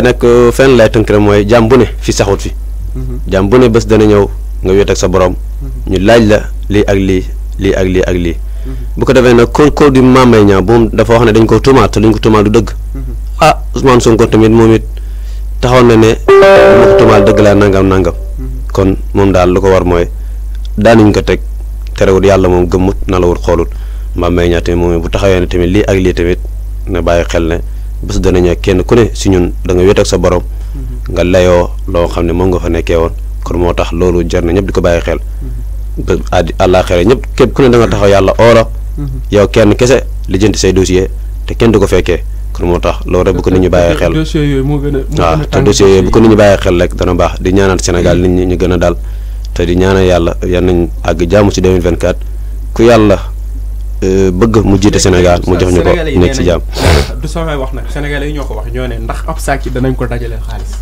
nag euh, fenn lay tënk rek mooy jaam bu ne fi saxut fi mhm. dana ñëw nga wéet sa borom mhm. ñu laaj la lii ak lii lii ak lii ak lii mhm. bu ko defee nag kon ko di maamay ñaa moom dafa wax ne dañ ko tuumaat te ko tuumaal du dëgg ah tamit moom it taxaw na ne lu ko tuumaal dëgg laa nangam nangam kon moom daal lu ko war mooy daanañ ko teg terewul yàlla moom gëmmut na la wut xoolut maamay ñaa tamit moom bu taxawee ne tamit lii ak lii tamit na bàyyi xel ne bés dana ñëw kenn ku ne si ñun da nga wéet sa borom. Mm-hmm. nga layoo loo xam ne moom nga fa nekkee woon kon moo tax loolu jar na ñëpp di ko bàyyi xel. Mm-hmm. ba àddi àllaaxira ñëpp képp ku ne da nga taxaw yàlla oola. Mm-hmm. yow kenn kese lijjanti say dossier te kenn du ko fekkee kon moo tax loolu rek bu ko nit ñi bàyyee xel. dossier moo gën a waaw te dossier yooyu bu ko nit ñu bàyyee xel rek dana baax di ñaanal Sénégal nit ñi ñu gën a daal te di ñaanal yàlla yenn nañ àgg jàmm ci 2024 ku yàlla Euh, bëgg mu jiite Sénégal mu jox ñu ko nekk ci jàmm. du samay wax nag sénégalais yi ñoo ko wax ñoo ne ndax ab saak yi danañ ko dajaleel xaalis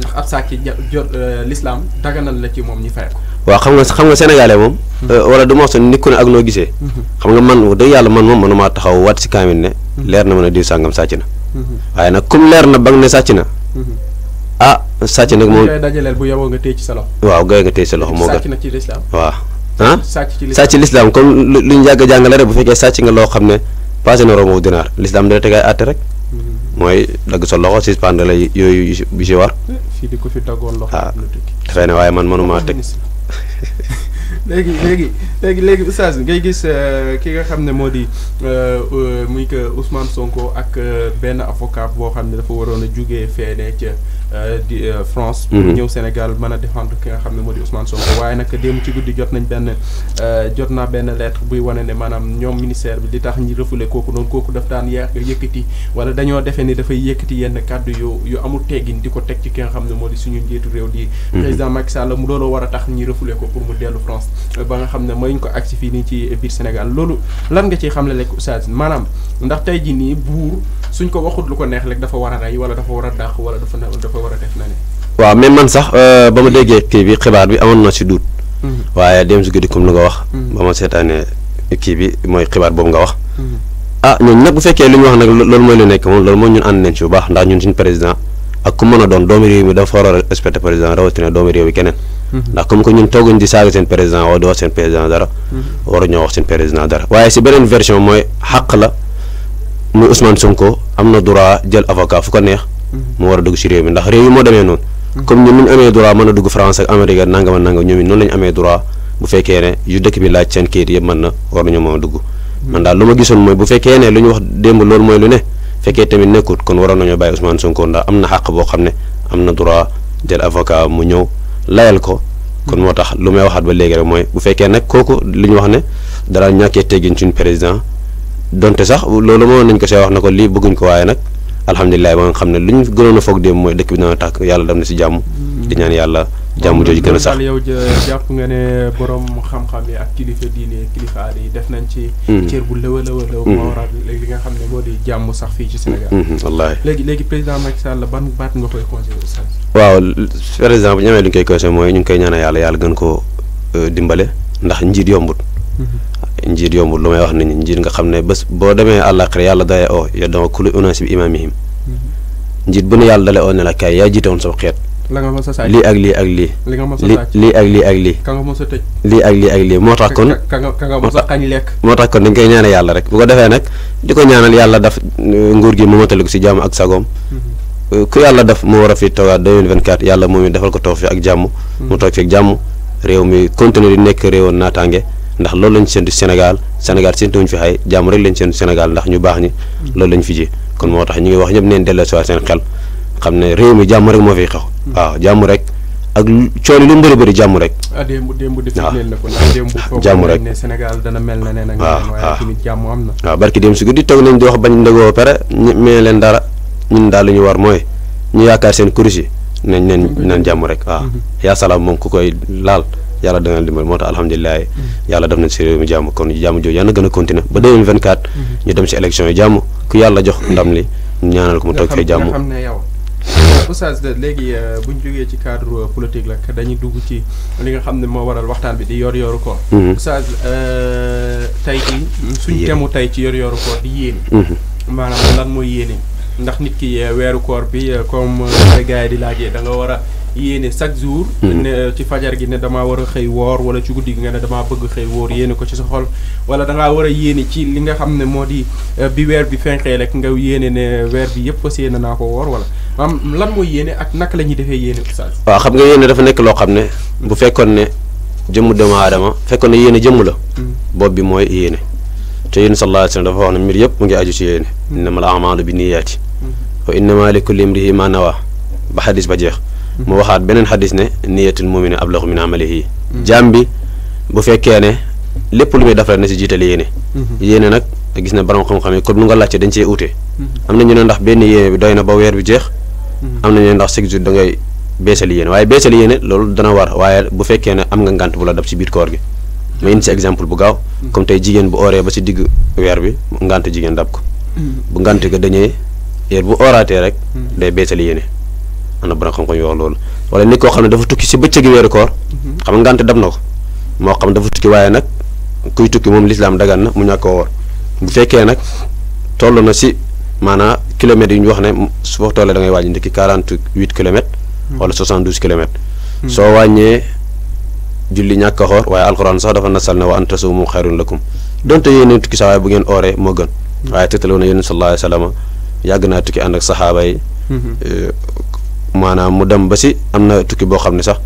ndax ab saak yi jot euh, l'islam daganal la ci moom ñi fay waa waaw xam nga xam nga sénégalais moom. Hmm. Euh, wala du ma wax sax nit ku ne ak noo gisee. Hmm. xam nga man dëgg yàlla man moom mënumaa taxaw waat si hmm. leer na ma ne diw sàngam sàcc na. waaye nag comme leer na ba nga ne sàcc na. ah sàcc nag moom. bu dajaleel bu yowoo nga téye ci sa loxo. waaw nga loxo moo gën sàcc na ci l'islam waaw. ah sàcc lislaam comme lu ñu yàgg a jàngale rek bu fekkee sàcc nga loo xam ne passé na romb dinaar lislaam dana teg àtte rek mm-hmm. mooy dagg sa loxo suspendre la yooyu yu si war. Eh, fii di ko fi daggoon loxo. waaw ah, dafay ne waaye man mënumaa teg. léegi léegi léegi léegi oustaz ngay gis euh, ki nga xam ne moo di euh, euh, muy que Ousmane Sonko ak benn avocat boo xam ne dafa waroon a jugee fee ca. Euh, di euh, France. pour mhm. ñëw Sénégal mën a défendre ki nga xam ne moo di Ousmane Sonko waaye nag démb ci guddi jot nañ benn euh, jot naa benn lettre buy wane ne maanaam ñoom ministère bi li tax ñu refoulé kooku noonu kooku daf daan yàq yëkkati wala dañoo defee ni dafay yëkkati yenn kàddu yu yu amul teggin di ko teg ci ki nga xam ne moo di suñu njiitu réew di. Mhm. président Macky Sall mu looloo war a tax ñu refoulé ko pour mu dellu France ba nga xam ne mayuñ ko agsi fii nii ci biir Sénégal loolu lan nga ciy xamle lekk oustaz maanaam ndax tey jii nii buur. suñ ko waxut lu ko neex rek dafa war a rey wala dafa a dàq a def na ne waaw mais man sax euh, ba ma déggee kii bi xibaar bi amoon na si duut mm-hmm. waaye dem si guddi comme lu nga wax mm-hmm. ba ma seetaanee kii bi mooy xibaar boobu nga wax mm-hmm. ah ñoom nag bu fekkee li ñu wax nag loolu mooy lu nekk moom loolu mooy ñun ànd nañ bu baax ndax ñun suñu président ak ku mën a doon doomu réew mi dafa war a respecté président rawatina doomu réew mi keneen ndax comme que ñun tooguñ di saaga seen président dara waruñoo wax seen président dara waaye si beneen version muy Ousmane Sonko am na droit jël avocat fu ko neex. Mhm. mu war a dugg si réew mi ndax réew yi moo demee noonu. Mhm. comme ñun ñu amee droit mën a dugg France ak Amérique ak nangam ak nangam ñoom it noonu la amee droit bu fekkee ne yu dëkk bi laaj seen mën na war nañoo mën a dugg. Mhm. man daal lu ma gisoon mooy bu fekkee ne lu ñu wax démb loolu mooy lu ne fekkee tamit nekkut kon waroon nañoo bàyyi Ousmane Sonko ndax am na xàq boo xam ne am na droit jël avocat mu ñëw layal ko. kon moo tax lu may waxaat ba léegi rek mooy bu fekkee nag kooku li ñu wax ne dara ñàkkee teggin suñu président donte sax loolu moo nañ ko see wax na ko lii bëgguñ ko waaye nag alhamdulilah ba nga xam ne lu ñu gënoon a foog dem mooy dëkk bi dana tàkk yàlla dem na si jàmm. di ñaan yàlla jàmm jooju gën a nga ne borom xam-xam yi kilifa diine kilifa aada yi def nañ ci. Hmm. cër bu lëwa lëwa lëw hmm. moo waral nga xam ne moo di jàmm sax fii ci Sénégal. Hmm, wallaahi léegi léegi président Macky Sall ban baat nga koy conseillé waaw président bu ñu amee lu koy conseillé mooy ñu ngi koy ñaanal yàlla yàlla gën koo euh, dimbale ndax njiit yombut njiit yombul lu may wax nit ñi njiit nga xam ne bés boo demee àllaaxira yàlla dale oo yow dama kulu unaasi bi imaamihim mm-hmm. njiit bu ne yàlla dale o ne la kaay yaa jiite sa xeet lii ak lii ak lii lii ak lii ak lii lii ak lii ak lii moo tax kon moo tax kon dañ koy ñaanal yàlla rek bu ko defee nag di ko ñaanal yàlla daf eh, nguur gi mu matali ko si jàmm ak sagoom mm-hmm. eh, ku yàlla def mu war a fi toogaat 2024 yàlla moom it defal ko toog fi ak jàmm mm-hmm. mu toog fi ak jàmm réew mi continuer di nekk réewoon naataange ndax loolu lañ séntu Sénégal Sénégal séntuwuñ fi xay jàmm rek lañ séntu Sénégal ndax ñu baax ñi loolu lañ fi ji kon moo tax ñu ngi wax ñëpp neen delloo si waa seen xel xam ne réew mi jàmm rek moo fiy xew waaw jàmm rek ak coono mu bëri bëri jàmm rek. ah démb démb def leen la ko ndax démb jàmm rek ne Sénégal dana mel na ne nag waaye jàmm am na waaw barki démb si guddi toog nañ di wax bañ ndegoo pare ñu mee leen dara ñun daal lu ñu war mooy ñu yaakaar seen kuris yi nañ leen jàmm rek waaw mm-hmm. yaa salaam moom ku koy laal yàlla dana dimbal moo tax alhamdulilah yàlla def nañ si réew mi jàmm kon jàmm jooju yàlla na gën a continuer ba 2024 mhm. ñu dem si élection yi jàmm ku yàlla jox ndam li ñaanal ko mu toog fee jàmm euh, bu euh, nga xam ne moo waral waxtaan bi di yor yoru koor mhm. Oustaz euh, tey ji suñ temu tey ci yor yoru koor di yéene mhm. maanaam lan mooy yéene ndax nit ki weeru koor bi comme gars yi di laajee da nga war a yéene chaque jour. Mm-hmm. ne ci fajar gi ne damaa war a xëy woor wala ci guddi gi nga ne damaa bëgg xëy woor yéene ko ci sa xol wala da war a yéene ci li nga xam ne moo di euh, bi weer bi fenkee rek nga yéene ne weer bi yëpp fas yéene naa ko woor wala maanaam lan mooy yéene ak naka la ñuy defee yéene oustaz. waaw xam nga yéene dafa nekk loo xam ne. bu fekkoon ne jëmmu doomu aadama fekkoon ne yéene jëmm la. Mm-hmm. bopp bi mooy yéene. te yéen sallallahu alayhi wa sallam dafa wax ne mbir yëpp mu ngi aju ci yéene. Mm-hmm. innamal a'maalu bi niyaati wa innamaa li kulli imri'in maa nawaa ba xadis ba jeex mu waxaat beneen xadis ne niyatul mumini ablahu min amalihi jaam bi bu fekkee ne lépp lu muy def rek na si jiital yéene mhm. yéene nag gis ne borom xam-xam yi kon nu nga laajte dañ cee ute mhm. am na ñu ne ndax benn yéene bi doy na ba weer bi jeex mhm. am na ñu ne ndax chaque jour da ngay beesal yéene waaye beesal yéene loolu dana war waaye bu fekkee ne am nga ngant bu la dab ci biir koor gi ma indi si exemple bu gaaw comme tey jigéen bu oree ba si digg weer bi ngànt jigéen dab ko bu ngànt ga dañee heure bu ooraatee rek day beesal yéene ana borom xam-xam yoo loolu wala nit koo xam ne dafa tukki si bëccëgi weeru koor mhm. xam nga dab na ko moo xam dafa tukki waaye nag kuy tukki moom lislaam dagan na mu ñàkk ko woor bu fekkee nag toll na si maanaam kilomètres yu ñu wax ne su fa tollee da ngay wàññi ndekki quarante huit kilomètres mhm. wala soixante douze kilomètres mhm. soo wàññee julli ñàkk a xoor waaye alxuraan sax dafa nasal ne wa an tasuumu xayrun lakum donte yéen tukki sax waaye bu ngeen ooree moo gën waaye tëtale woon na yéen sallallahu alayhi wa naa tukki ànd ak saxaaba maanaam mu dem ba si am na tukki boo xam ne sax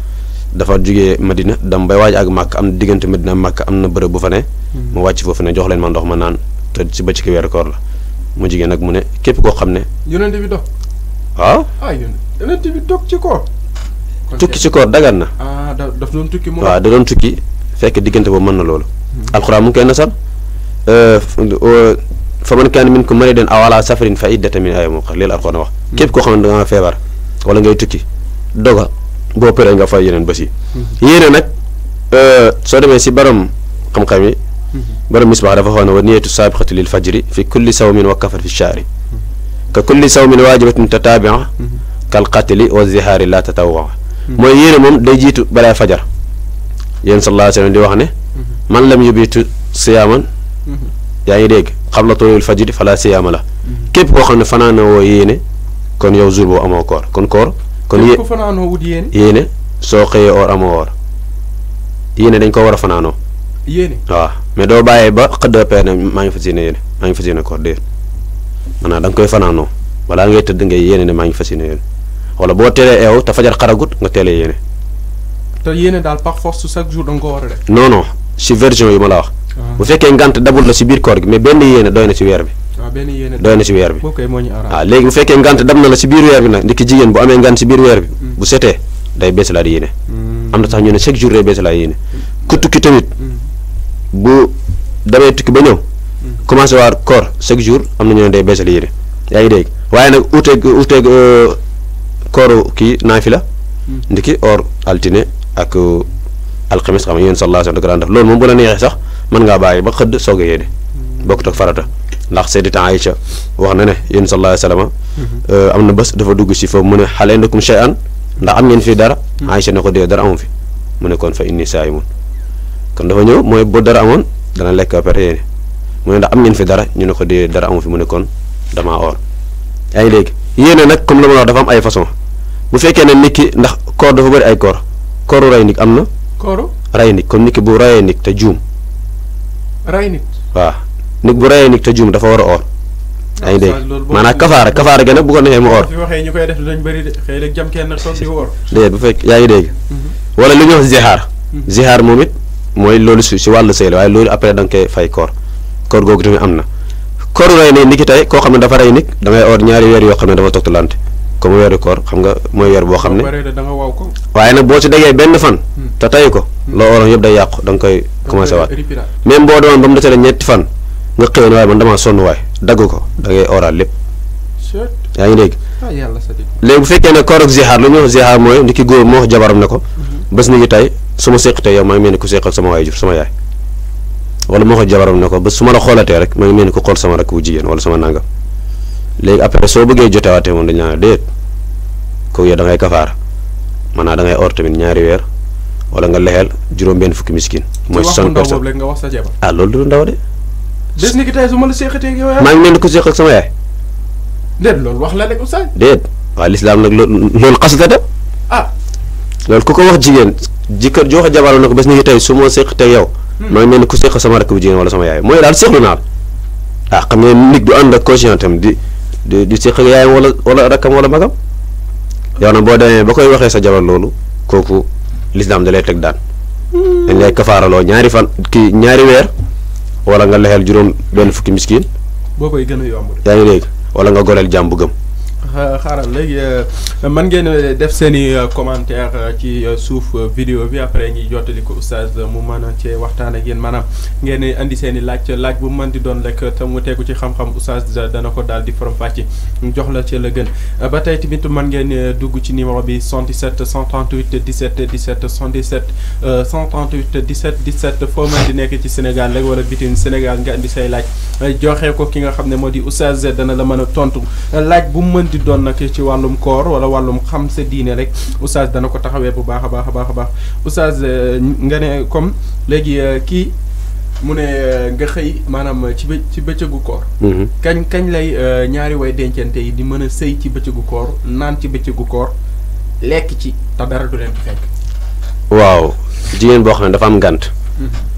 dafa jógee Madina dem bay waaj ak màkk am diggante diggante dina màkk am na bërëb bu fa ne hmm. mu wàcc foofu ne jox leen ma ndox ma naan te si ba ci ki weeru koor nag mu ne képp koo xam ne yonent bi dox waaw ah? ah yonent bi dox ci koor tukki ci koor dagan na ah, daf doon tukki moom waaw da doon tukki fekk diggante boobu mën na loolu hmm. alxuraan mu ngi koy nasar euh, fa man kaana minkum mariidan aw alaa safarin fa iddatan min ayyaamin alxuraan wax hmm. képp koo xam ne da feebar wala ngay tukki doga bo paree nga fay yenen basi yene nak euh so demé ci baram xam-xam yi. borom misbaax dafa xone wa niyatu saabiqatu lil fajri fi kulli sawmin wa kafar fi shaari ka kulli sawmin wajibatu tatabi'a kal qatli wa zihaari la tatawwa moy yene mom day jitu bala fajar yene sallallahu alayhi wa sallam di wax ne man lam yubitu siyaman yaay deg dégg xam la tulul fajri fala siyaama la képp koo xam ne fanaana woo kon yow jour boobu amoo koor kon koor. kon yé yéene soo xëyee oor amoo oor yéene dañ ko war a fanaanoo. yéene waaw mais doo bàyyee ba xëdd peer ne maa ngi fas yéene yéene maa ngi fas yéene koor déet maanaam koy fanaanoo balaa ngay tëdd ngay yéene ne maa ngi fas yéene yéene wala boo teelee eew te fajar xaragut nga teele yéene. te yéene daal par force chaque jour da nga ko war a def. non non si version yu ma wax. Ah. bu fekkee ngant dabul la si biir koor gi mais benn yéene doy na si weer bi. Ah, doy na ci weer bi waaw ah, léegi bu fekkee ngant dab na la ci biir weer bi nag ndiki jigéen bu amee ngant ci biir weer bi hmm. bu setee day beesalaat yéene hmm. am na sax ñu ne chaque jour day beesalaat yéene ku tukki tamit hmm. bu damay tukki ba ñëw commencé waar koor chaque jour am na ñu ne day beesal yéene yaa ngi dégg waaye nag uuteeg uuteeg euh, kooru kii naafi la ndiki or altine ak euh, alxamis xam nga yéen sallallahu alayhi wa sallam daf loolu moom bu la neexee sax mën ngaa bàyyi ba xëdd soog a yéene bokkut ak farata ndax sayyidat aisha wax na ne yunus sallallahu alayhi wasallam euh amna bés dafa dugg si foofu mu ne hal shay'an ndax am ngeen fii dara Aïcha ne ko dara amu fi mu kon fa inni saa'imun kon dafa ñëw mooy bu dara amoon dana lekk ba pare yéene ndax am ngeen fi dara ñu ne ko dara amu fi mu kon damaa or yaa ngi léegi yéene comme la wax dafa am ay façon bu fekkee ne nit ndax koor dafa bëri ay koor kooru ray nit am kooru ray nit comme nit bu rayee nit te juum ray nit waaw nit bu reyee nit te juum dafa war a oor. yaa ngi dégg ah, maanaam kafaara kafaara gi nag bu ko neexee mu oor. fi waxee ñu koy def dañ bëri de xëy na jam kenn toog bu fekk yaa ngi dégg. Mhm. wala li ñuy wax zixaar. Mhm. zixaar moom it mooy loolu si si wàllu sëy la waaye loolu après da nga koy fay koor koor googu tamit am na. koor rey ne ni ki tey koo xam ne dafa rey nit damay or ñaari weer yoo xam ne dafa togtalante comme weeru koor xam nga mooy weer boo xam ne waaye nag boo ci degee benn fan hmm. te tey ko hmm. loo ooroon yëpp day da nga koy commencé waat même boo doon ba mu ñetti fan nga xëy na waaye man damaa sonn waay dagg ko dangay ngay oral lépp. yaa ngi ah, dégg. léegi bu fekkee ne koor ak zihaar lu ñuy wax mooy nit ki góor moo wax jabaram ne ko. Mhm. bés ni ngi tey su ma séq tey maa ngi mel ni ku séq sama waay jur sama yaay. wala moo wax jabaram ne ko bés su ma la xoolatee rek maa ngi mel ni ku xool sama rakk bu jigéen wala sama nangam léegi après soo bëggee joteewaatee moom dañu naan déet kooku yow da ngay kafaara maanaam da ngay or tamit ñaari weer wala nga lexeel juróom-benn fukki miskin. mooy 60 personnes ah loolu du ndaw de bés ni ki tey ma la seexatee ak yow maa ngi mel ni ko seex ak sama yaay. déet loolu wax la rek oustaz. déet waaw lislaam nag loolu xasida de. ah. loolu ku ko wax jigéen jëkkër joo ko na ko bés ni ki su ma seexatee ak yow. Hmm. maa ngi mel ku seex sama rakk bu jigéen wala sama yaay mooy daal seexlu naa la. Ah, xam nga nit du ànd ak conscient tam di di di seex wala wala wala magam. yow nag boo demee ba koy waxee sa jabar loolu kooku lislaam da teg daan. Hmm. dañ lay kafaaraloo ñaari fan ki ñaari weer. wala nga lexeel juróom benn fukki miskin. boo koy gën a yomb yaa ngi léegi wala nga goreel jaam bu gëm. xaaral léegi euh, man ngeen euh, def seen i euh, commentaire ci suuf vidéo bi après ñuy jotali ko oustaz mu mën a cee waxtaan ak yéen maanaam ngeen indi seen i laaj laaj bu mën di doon rek te mu tegu ci xam-xam oustaz dana ko daal di forom fàcc jox la ci la gën ba tey tamit man ngeen dugg ci numéro bi 77 138 17 17 77 138 17 17 foo mën di nekk ci Sénégal rek wala bitim Sénégal nga andi say laaj joxe ko ki nga xam ne moo di oustaz dana la mën a tontu laaj bu mën di doon nag ci wàllum koor wala wàllum xam sa diine rek oustaz dana ko taxawee bu baax a baax a baax a baax euh, nga ne comme léegi euh, kii mu ne euh, nga xëy maanaam ci bë ci bëccëgu koor. Mm-hmm. kañ kañ lay ñaari woy dencante yi di mën a sëy ci bëccëgu koor naan ci bëccëgu koor lekk ci te dara du leen fekk. waaw jigéen boo xam ne dafa am ngànt. Mm-hmm.